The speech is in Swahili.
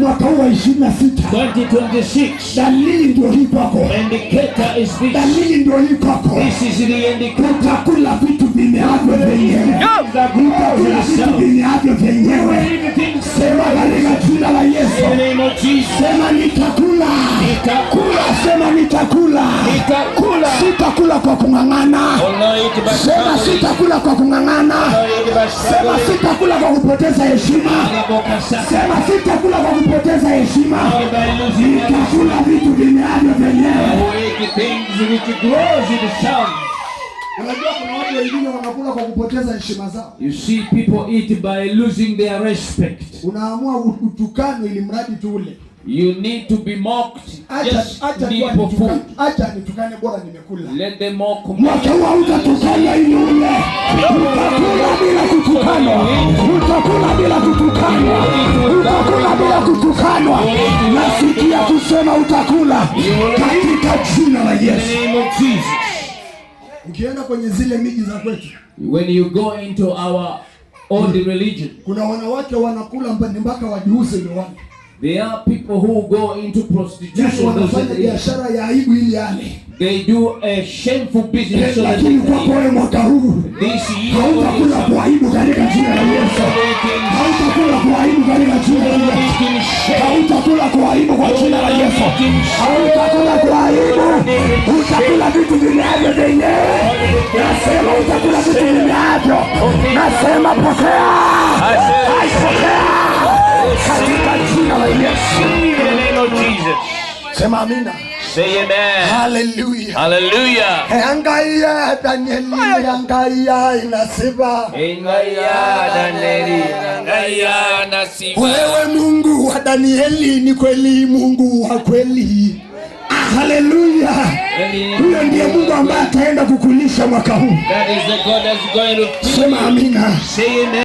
mwaka huu wa ishirini na sita dalili ndio hii kwako, dalili ndio hii kwako. Utakula vitu vimeavyo vyenyewe, utakula vitu vimeavyo vyenyewe. Sema katika jina la Yesu, sema nitakula, sema nitakula, sitakula kwa kung'ang'ana, sema sitakula kwa kung'ang'ana, sema sitakula kwa kupoteza heshima, sema sitakula uzima, vitu vyenyewe. Unajua kuna watu wengine wanakula kwa kupoteza heshima zao. You see people eat by losing their respect. Unaamua utukane ili mradi tu ule. You need to be mocked. Acha nitukane, acha nitukane bora nimekula. Let them mock me. Mwaka huu ili ule. Utakula bila kutukanwa. Utakula bila kutukanwa kutukanwa, nasikia kusema utakula katika jina la Yesu. Ukienda kwenye zile miji za kwetu, when you go into our old hmm. religion, kuna wanawake wanakula mpaka wajiuze miwani. There are people who go into prostitution. Wanafanya biashara ya aibu ili yale. They do a shameful business. Lakini kwa mwaka huu, this year, hautakula kwa aibu katika Hautakula kwa aibu kwa jina la Yesu. Hautakula kwa aibu, utakula vitu vinavyo vyenyewe. Nasema utakula vitu vinavyo, nasema pokea, aipokea katika jina la Yesu. Sema amina. Say amen. Hallelujah. Hallelujah. Angalia Danieli, angalia inasiba. Angalia Danieli, angalia nasiba. Wewe Mungu wa Danieli ni kweli Mungu wa kweli. Haleluya! Huyo ndiye Mungu ambaye ataenda kukulisha mwaka huu. Sema amina.